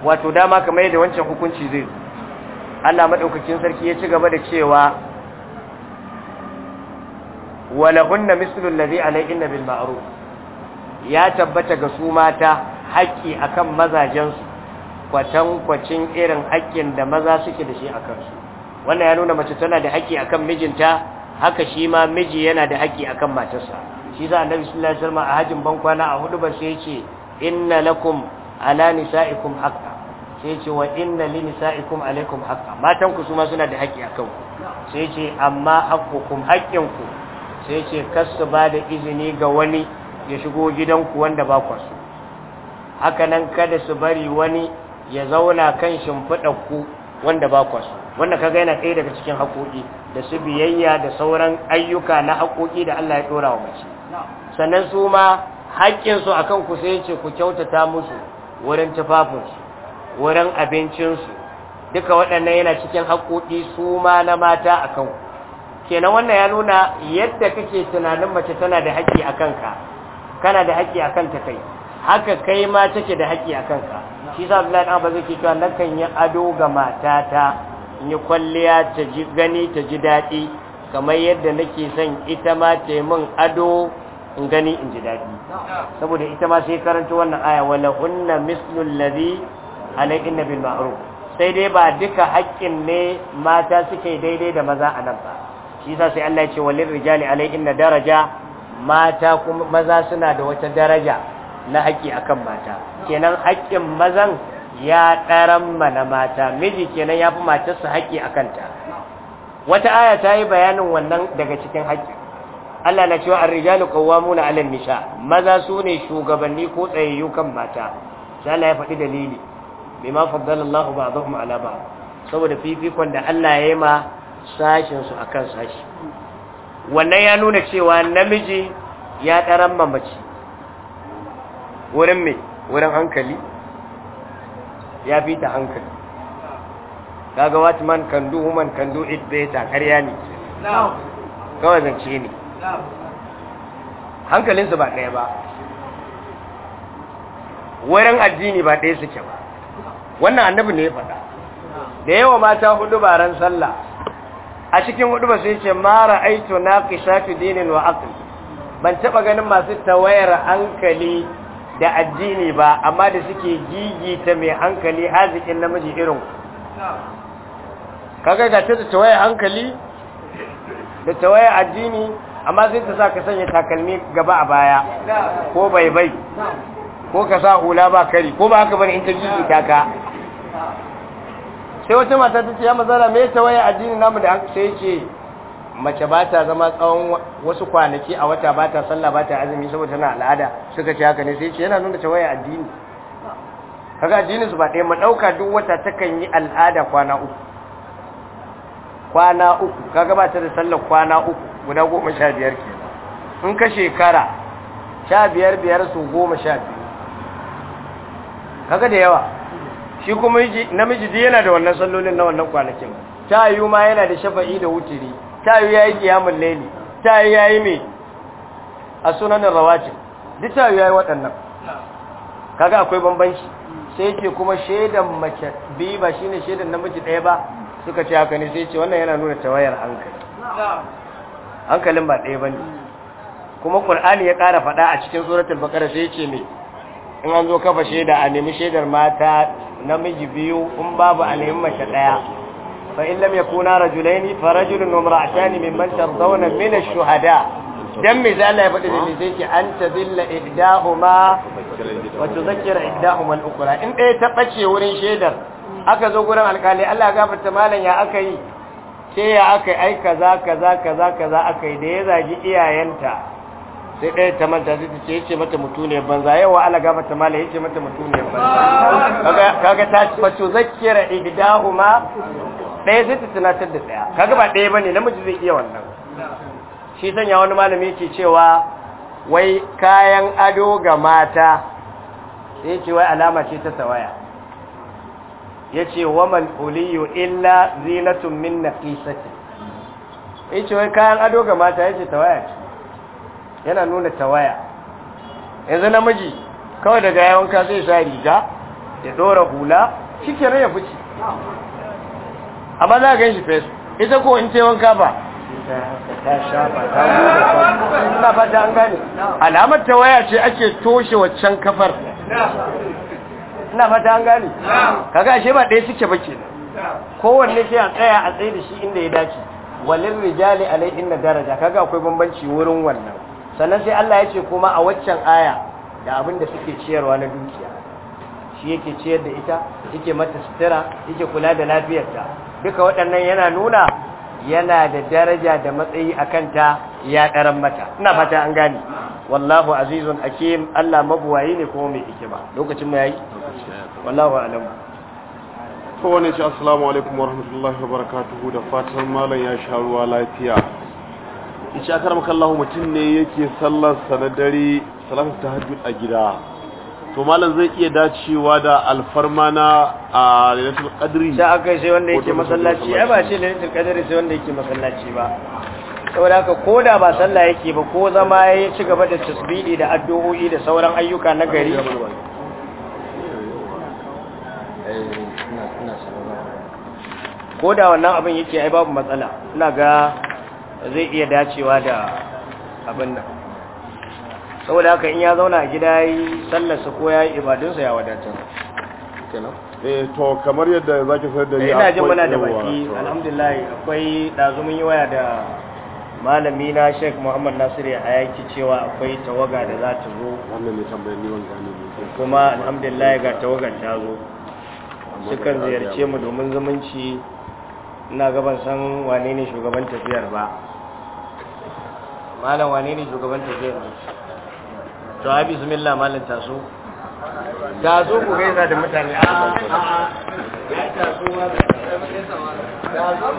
wato dama kamar yadda wancan hukunci zai Allah madaukakin sarki ya ci gaba da cewa hunna mislu allazi alayhinna bil ma'ruf ya tabbata ga su mata haƙƙi akan mazajen su kwatan kwacin irin haƙƙin da maza suke da shi a kansu. wannan ya nuna mace tana da haƙƙi akan mijinta haka shi ma miji yana da haƙƙi akan matarsa shi za annabi sallallahu alaihi wasallam a hajin bankwana a hudu ba sai ya ce inna lakum ala nisa'ikum haqqan sai ce wa inna li nisa'ikum alaikum haqqan matan ku su ma suna da haƙƙi akan ku sai ce amma haqqukum haƙƙin ku sai ce kasu ba da izini ga wani ya shigo gidanku wanda ba ku so haka nan kada su bari wani ya zauna kan shimfiɗa ku wanda ba ku so wanda kaga yana ɗaya daga cikin haƙoƙi da su biyayya da sauran ayyuka na haƙoƙi da Allah ya ɗora wa mace sannan su ma haƙƙinsu a kan ku sai ku kyautata musu wurin tufafinsu wurin abincinsu duka waɗannan yana cikin haƙoƙi su ma na mata a kan kenan wannan ya nuna yadda kake tunanin mace tana da haƙƙi a kanka kana da haƙƙi a kanta kai haka kai ma take da haƙƙi a kanka shi sa Abdullahi dan ba yake cewa kan yi ado ga matata ta ni kwalliya ta ji gani ta ji daɗi kamar yadda nake son ita ma ta yi min ado in gani in ji daɗi saboda ita ma sai karanta wannan aya wala hunna mislul ladhi alayhin bil ma'ruf sai dai ba duka haƙƙin ne mata suke daidai da maza a nan ba shi yasa sai Allah ya ce walil rijali inna daraja mata kuma maza suna da wata daraja na haƙƙi akan mata kenan haƙƙin mazan ya ɗaran mana mata miji kenan ya fi matarsa haƙƙi a kanta wata aya ta yi bayanin wannan daga cikin haƙƙi Allah na cewa ar-rijalu qawwamuna muna an-nisa maza sune shugabanni ko tsayayyu kan mata sai Allah ya faɗi dalili bima faddala Allah ba'dahum 'ala ba'd saboda fifikon da Allah ya yi ma sashin su akan sashi wannan ya nuna cewa namiji ya daran mamaci wurin me wurin hankali ya fi ta hankali kaga watman Kandu human kan it better ƙarya ne kawai zance ne hankalinsu ba ɗaya ba wurin addini ba ɗaya suke ba wannan annabi ne ya faɗa da yawa mata hudu baran sallah a cikin hudu ba sai ce mara aito na kishatu dinin wa aqli ban taɓa ganin masu tawayar hankali da addini ba amma da suke gigita mai hankali arzikin namiji irin kaga ga ta tawayar hankali da tawayar addini amma zai ta sa ka sanya takalmi gaba a baya ko bai bai ko ka sa hula ba kari ko ba haka bane in ta gigi ta ka sai wata mata ta ce ya mazala me ta waye addini namu da sai ce mace ba ta zama tsawon wasu kwanaki a wata ba ta sallah ba ta azumi saboda tana al'ada suka ce haka ne sai yana nuna ta waye addini kaga addini su ba ɗaya mu ɗauka duk wata takan yi al'ada kwana uku kwana uku kaga ba ta da sallar kwana uku guda goma sha biyar ke in ka shekara sha biyar biyar su goma sha biyu kaga da yawa shi kuma namiji duk yana da wannan sallolin na wannan kwanakin ta yiwu ma yana da shafa'i da wuturi. ta yiwu ya yi kiyamun laili ta yiwu ya yi mai a sunanin rawacin duk ta yiwu ya yi waɗannan kaga akwai bambanci sai ce kuma shaidan mace biyu ba shine shaidan namiji ɗaya ba suka ce haka ne sai ce wannan yana nuna tawayar hankali hankalin ba ɗaya ne kuma qur'ani ya ƙara faɗa a cikin suratul baqara sai ce me in an zo kafa shaida a nemi shaidar mata namiji biyu in babu a ta mace ɗaya fa in lam yakuna rajulaini fa rajulun wa imra'atani mimman tardawna min ash-shuhada' dan me zai Allah ya faɗi da me sai ce an tazilla ihdahuma wa tuzakkira ihdahuma al-ukhra in ɗaya ta bace wurin shaidar aka zo gurin alƙali Allah ya gafarta malam ya aka yi ce ya aka ai kaza kaza kaza kaza aka yi da ya zagi iyayenta sai ɗaya ta manta sai ta ce ya ce mata mutune banza yawa ala gaba ta mala ya ce mata mutune banza kaga ta fatu zakira ibdahuma ɗaya sai ta tunatar da ɗaya kaga ba ɗaya bane namiji zai iya wannan shi sanya wani malami yake cewa wai kayan ado ga mata sai ce wai alama ce ta tawaya Ya yace wamal huliyu illa zinatun min Ya ce, wai kayan ado ga mata ya yace tawaya yana nuna tawaya yanzu namiji kawai daga yawan ka zai sa riga ya dora hula shikenan ya fice amma za ka ganshi fes ita ko in ce wanka ba ta shafa ta gudu ba ta an gane alamar tawaya ce ake toshe waccan kafar ina fata an gane kaga ashe ba ɗaya suke ba kenan kowanne ke a tsaya a tsaye da shi inda ya dace walil rijali alai na daraja kaga akwai bambanci wurin wannan sannan sai Allah ya ce kuma a waccan aya da abin da suke ciyarwa na dukiya shi yake ciyar da ita yake mata sutura yake kula da lafiyarta duka waɗannan yana nuna yana da daraja da matsayi a ta ya ɗaran mata ina fata an gane wallahu azizun hakim Allah mabuwayi ne kuma mai hikima lokacin mu yayi wallahu alam to wani ce assalamu alaikum wa rahmatullahi wa barakatuhu da fatan malam ya sha ruwa lafiya in sha karamka Allah mutum ne yake sallar sa na dare salatu tahajjud a gida to malam zai iya dacewa da alfarma na a lailatul qadri sai akai sai wanda yake masallaci ai ba shi lailatul qadri sai wanda yake masallaci ba saboda haka ko da ba sallah yake ba ko zama ya ci gaba da tasbihi da addu'o'i da sauran ayyuka na gari ko da wannan abin yake ai babu matsala ina ga zai iya dacewa da abin nan saboda haka in ya zauna a gida yi sallarsa ko ya yi ibadunsa ya wadatar eh to kamar yadda zaki sayar da ni eh, ina jin muna da baki alhamdulillah akwai dazumin yi waya da malami na sheikh muhammad nasiru ya yaki cewa akwai tawaga da za ta zo kuma alhamdulillah ga tawagar ta zo sukan ziyarce mu domin zumunci ina gaban san wane ne shugaban tafiyar ba malam wane ne shugaban tafiyar ba. to abi bismillah malam taso taso ku gaisa da mutane a ah, a ah, a ah. ya taso da mutane